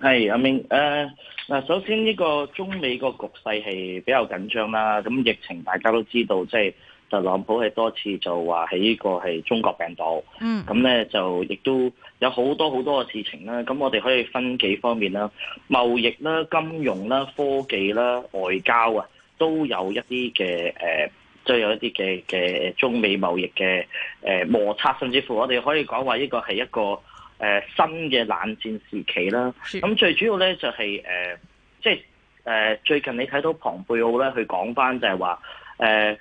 係阿明，誒嗱，首先呢個中美個局勢係比較緊張啦。咁疫情大家都知道，即係特朗普係多次就話喺呢個係中國病毒。嗯，咁咧就亦都有好多好多嘅事情啦。咁我哋可以分幾方面啦，貿易啦、金融啦、科技啦、外交啊，都有一啲嘅誒，即係有一啲嘅嘅中美貿易嘅誒摩擦，甚至乎我哋可以講話呢個係一個，誒新嘅冷戰時期啦，咁最主要咧就係誒即係誒最近你睇到蓬佩奧咧，佢講翻就係話誒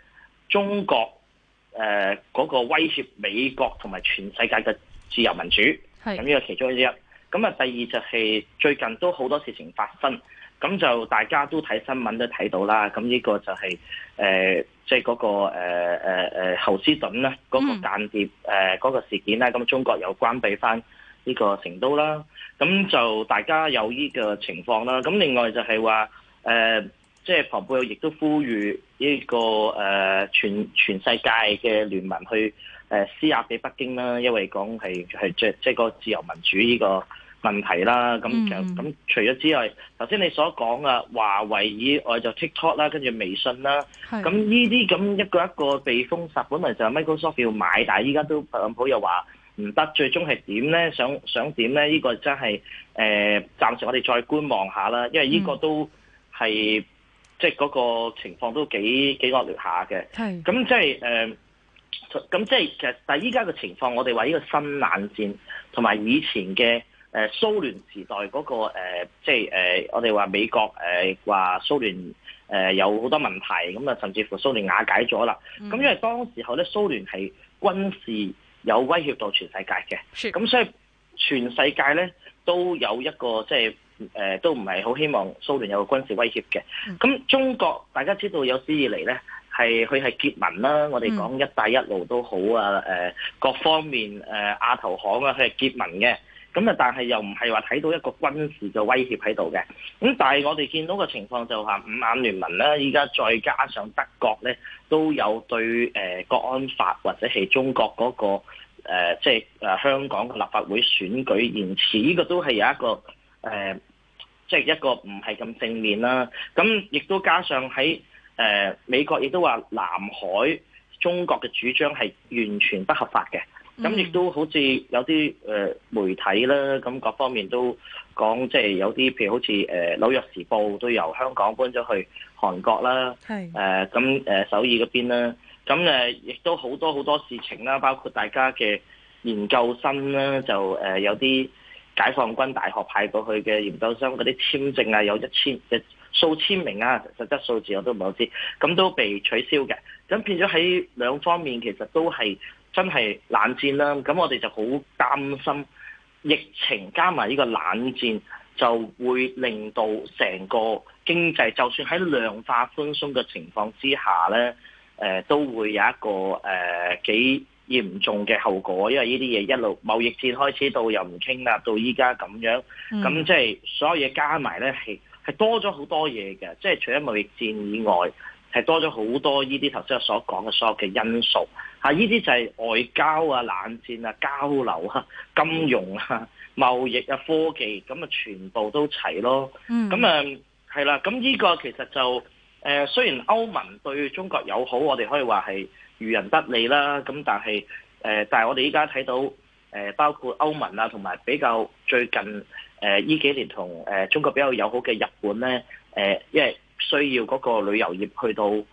中國誒嗰、呃那個威脅美國同埋全世界嘅自由民主，咁呢是個其中之一。咁啊第二就係最近都好多事情發生，咁就大家都睇新聞都睇到啦。咁呢個就係誒即係嗰個誒誒、呃呃呃、侯斯敦咧嗰、那個間諜誒嗰、嗯呃那個事件呢。咁中國又關閉翻。呢個成都啦，咁就大家有呢個情況啦。咁另外就係話，誒、呃，即係特朗普亦都呼籲呢、這個誒、呃、全全世界嘅聯盟去誒、呃、施壓俾北京啦，因為講係即即個自由民主呢個問題啦。咁咁、嗯、除咗之外，頭先你所講啊，華為以外就 TikTok 啦，跟住微信啦，咁呢啲咁一個一個被封殺，本來就係 Microsoft 要買，但係依家都特朗普，普又話。唔得，最終係點咧？想想點咧？呢個真係誒，暫時我哋再觀望下啦。因為呢個都係、嗯、即係嗰個情況都幾幾惡劣下嘅。咁是即係咁、呃、即係其實但係依家嘅情況，我哋話呢個新冷戰同埋以前嘅誒蘇聯時代嗰個、呃、即係、呃、我哋話美國誒話蘇聯有好多問題，咁啊甚至乎蘇聯瓦解咗啦。咁、嗯、因為當時候咧，蘇聯係軍事。有威脅到全世界嘅，咁的所以全世界咧都有一個即係誒，都唔係好希望蘇聯有個軍事威脅嘅。咁的中國大家知道有史以嚟咧，係佢係結盟啦、啊，我哋講一帶一路都好啊，呃、各方面誒、呃、亞投行啊，佢係結盟嘅。咁啊，但係又唔係話睇到一個軍事嘅威脅喺度嘅，咁但係我哋見到個情況就話五眼聯盟啦，依家再加上德國咧，都有對誒國安法或者係中國嗰個，即係香港嘅立法會選舉延遲，呢個都係有一個，即係一個唔係咁正面啦。咁亦都加上喺美國，亦都話南海中國嘅主張係完全不合法嘅。咁亦都好似有啲誒媒體啦，咁各方面都講，即係有啲譬如好似誒紐約時報都由香港搬咗去韓國啦是，係咁誒首爾嗰邊啦。咁誒亦都好多好多事情啦，包括大家嘅研究生啦，就誒有啲解放軍大學派過去嘅研究生嗰啲簽證啊，有一千誒數千名啊，實質數字我都唔係好知，咁都被取消嘅。咁變咗喺兩方面其實都係。真係冷戰啦，咁我哋就好擔心疫情加埋呢個冷戰，就會令到成個經濟，就算喺量化寬鬆嘅情況之下呢，誒、呃、都會有一個誒幾、呃、嚴重嘅後果，因為呢啲嘢一路貿易戰開始到又唔傾啦，到依家咁樣，咁即係所有嘢加埋呢，係係多咗好多嘢嘅，即、就、係、係、除咗貿易戰以外。係多咗好多呢啲頭先我所講嘅所有嘅因素，呢啲就係外交啊、冷戰啊、交流啊、金融啊、貿易啊、科技啊，咁啊全部都齊咯。咁誒係啦，咁呢、啊啊、個其實就誒雖然歐盟對中國友好，我哋可以話係漁人得利啦。咁但係誒，但係我哋依家睇到誒，包括歐盟啊，同埋比較最近誒呢幾年同誒中國比較友好嘅日本咧，誒因為。需要嗰個旅遊業去到誒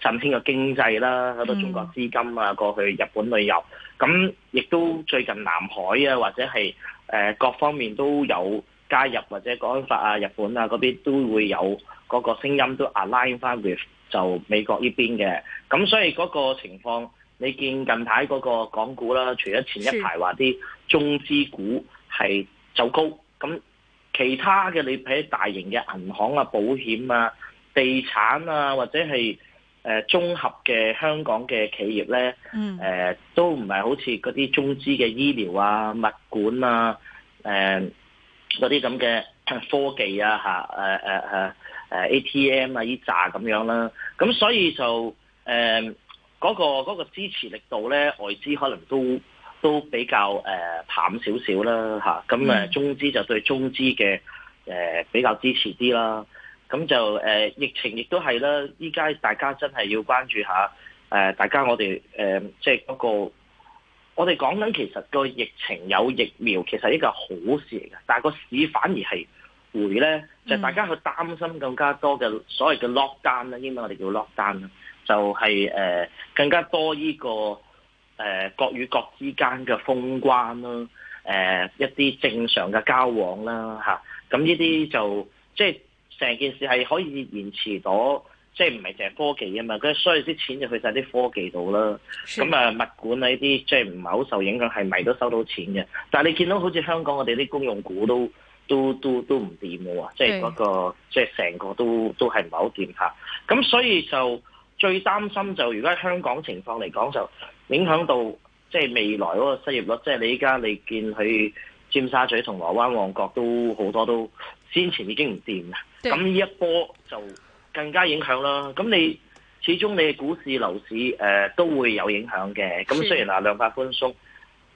振興嘅經濟啦，好多中國資金啊過去日本旅遊，咁亦都最近南海啊或者係誒各方面都有加入或者講法啊，日本啊嗰啲都會有嗰個聲音都 align 翻 with 就美國呢邊嘅。咁所以嗰個情況你見近排嗰個港股啦，除咗前一排話啲中資股係走高，咁。其他嘅你睇大型嘅銀行啊、保險啊、地產啊，或者係誒綜合嘅香港嘅企業咧，誒、嗯、都唔係好似嗰啲中資嘅醫療啊、物管啊、誒嗰啲咁嘅科技啊、嚇、啊、誒、啊啊啊、ATM 啊依扎咁樣啦、啊。咁所以就誒嗰、啊嗰個嗰個支持力度咧，外資可能都。都比較誒、呃、淡少少啦，咁中資就對中資嘅誒、呃、比較支持啲啦。咁、啊、就誒、呃、疫情亦都係啦，依家大家真係要關注下誒、呃，大家我哋誒即係嗰個我哋講緊其實個疫情有疫苗，其實呢個好事嚟嘅，但係個市反而係回咧，就係、大家去擔心更加多嘅所謂嘅 lockdown 啦，因為我哋叫 lockdown 啦，就係誒更加多呢、這個。誒國與國之間嘅封關啦、啊，誒、啊、一啲正常嘅交往啦、啊、嚇，咁呢啲就即係成件事係可以延遲到，即係唔係淨係科技啊嘛，咁所以啲錢就去晒啲科技度啦。咁啊的物管啊呢啲即係唔係好受影響，係咪都收到錢嘅？但係你見到好似香港我哋啲公用股都都都都唔掂嘅喎，即係嗰個即係成個都都係唔係好掂嚇。咁所以就最擔心就如果喺香港情況嚟講就。影響到即係未來嗰個失業率，即係你依家你見佢尖沙咀、銅鑼灣、旺角都好多都先前已經唔掂啦，咁呢對一波就更加影響啦。咁你始終你嘅股市、樓市誒、呃、都會有影響嘅。咁雖然嗱量化寬鬆。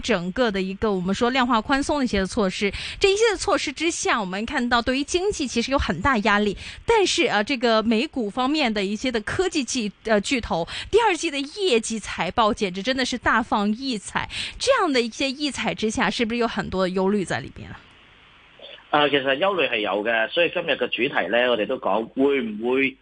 整個的一個我們說量化寬鬆的一些措施，這一些的措施之下，我們看到對於經濟其實有很大壓力。但是啊，這個美股方面的一些的科技技、呃巨頭第二季的業績財報，簡直真的是大放異彩。這樣的一些異彩之下，是不是有很多憂慮在裏邊啊？啊、呃，其實憂慮係有嘅，所以今日嘅主題呢，我哋都講會唔會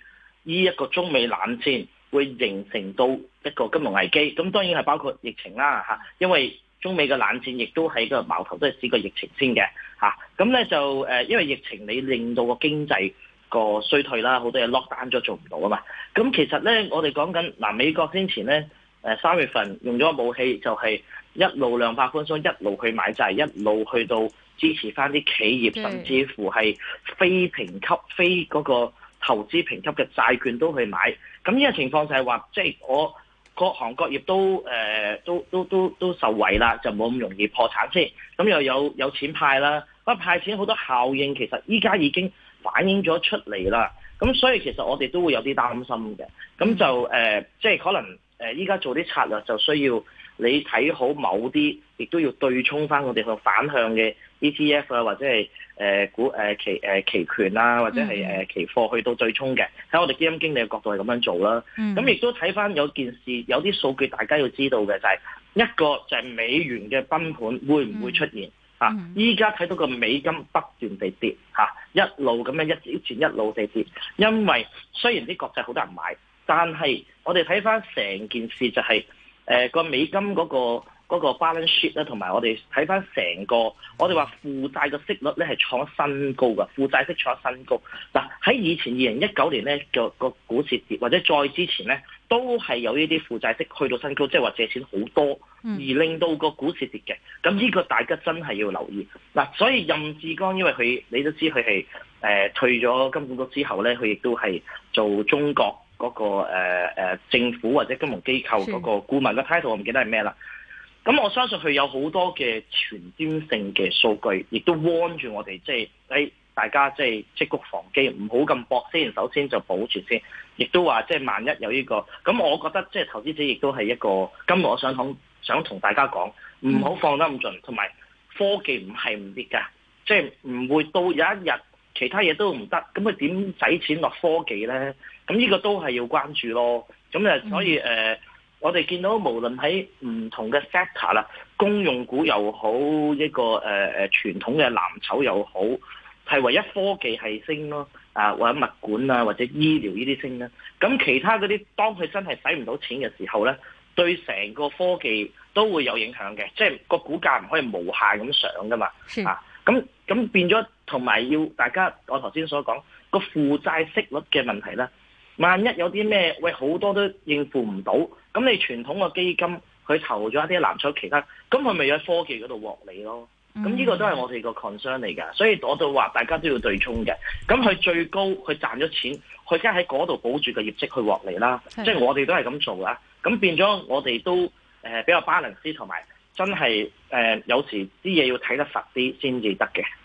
呢一個中美冷戰會形成到一個金融危機？咁當然係包括疫情啦，吓，因為中美嘅冷戰亦都喺個矛頭都係試過疫情先嘅吓，咁、啊、咧就誒、呃，因為疫情你令到個經濟個衰退啦，好多嘢 lock down 咗做唔到啊嘛。咁、啊、其實咧，我哋講緊嗱，美國先前咧誒三月份用咗武器，就係一路量化寬鬆，一路去買債，一路去到支持翻啲企業，甚至、mm. 乎係非評級、非嗰個投資評級嘅債券都去買。咁呢個情況就係話，即係我。各行各業都誒、呃、都都都都受惠啦，就冇咁容易破產先，咁又有有錢派啦，不過派錢好多效應其實依家已經反映咗出嚟啦，咁所以其實我哋都會有啲擔心嘅，咁就誒即係可能誒依家做啲策略就需要。你睇好某啲，亦都要對沖翻我哋去反向嘅 ETF 啊，或者係誒股誒期誒期權啦，或者係誒期貨去到對沖嘅。喺我哋基金經理嘅角度係咁樣做啦。咁亦、嗯、都睇翻有件事，有啲數據大家要知道嘅就係、是、一個就係美元嘅崩盤會唔會出現吓？依家睇到個美金不斷地跌、啊、一路咁樣一直一路地跌，因為雖然啲國際好多人買，但係我哋睇翻成件事就係、是。誒個、呃、美金嗰、那個嗰、那個、balance sheet 咧，同埋我哋睇翻成個，我哋話負債嘅息率咧係創咗新高㗎，負債息創咗新高。嗱、啊、喺以前二零一九年咧個、那個股市跌，或者再之前咧都係有呢啲負債息去到新高，即係話借錢好多，嗯、而令到個股市跌嘅。咁呢個大家真係要留意。嗱、啊，所以任志剛因為佢你都知佢係誒退咗金管局之後咧，佢亦都係做中國。嗰、那個誒、呃、政府或者金融機構嗰個顧問嘅 title 的我唔記得係咩啦，咁我相信佢有好多嘅前瞻性嘅數據，亦都 warn 住我哋，即係喺大家即係積谷防饑，唔好咁搏先，首先就保存先，亦都話即係萬一有呢、這個，咁我覺得即係投資者亦都係一個，今日我想同想同大家講，唔好放得咁盡，同埋、嗯、科技唔係唔必㗎，即係唔會到有一日。其他嘢都唔得，咁佢點使錢落科技咧？咁呢個都係要關注咯。咁就所以誒、嗯呃，我哋見到無論喺唔同嘅 sector 啦，公用股又好，一個誒誒、呃、傳統嘅藍籌又好，係唯一科技係升咯。啊，或者物管啊，或者醫療呢啲升啦。咁其他嗰啲，當佢真係使唔到錢嘅時候咧，對成個科技都會有影響嘅。即係個股價唔可以無限咁上㗎嘛。是啊，咁咁變咗。同埋要大家，我頭先所講個負債息率嘅問題啦，萬一有啲咩，喂好多都應付唔到，咁你傳統嘅基金佢投咗一啲藍籌其他，咁佢咪喺科技嗰度獲利咯。咁呢個都係我哋個 concern 嚟㗎，所以我就話大家都要對沖嘅。咁佢最高佢賺咗錢，佢梗係喺嗰度保住個業績去獲利啦。的即係我哋都係咁做啦。咁變咗我哋都誒、呃、比較 balance 同埋，真係、呃、有時啲嘢要睇得實啲先至得嘅。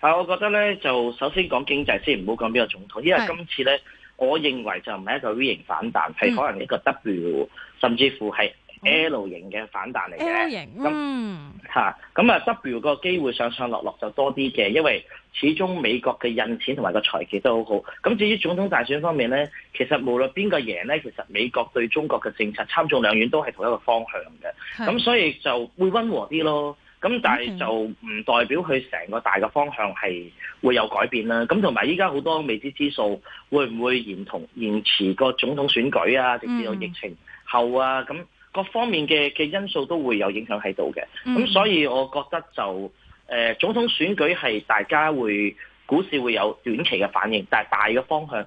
啊，我覺得咧就首先講經濟先，唔好講邊個總統，因為今次咧，是我認為就唔係一個 V 型反彈，係、嗯、可能一個 W 甚至乎係 L 型嘅反彈嚟嘅。型、哦，那嗯，咁啊 W 個機會上上落落就多啲嘅，因為始終美國嘅印錢同埋個財技都好好。咁至於總統大選方面咧，其實無論邊個贏咧，其實美國對中國嘅政策，參眾兩院都係同一個方向嘅，咁是所以就會溫和啲咯。咁但係就唔代表佢成個大嘅方向係會有改變啦。咁同埋依家好多未知之數，會唔會延同延遲個總統選舉啊？甚至有疫情後啊，咁各方面嘅嘅因素都會有影響喺度嘅。咁、嗯、所以我覺得就誒、呃、總統選舉係大家會股市會有短期嘅反應，但係大嘅方向。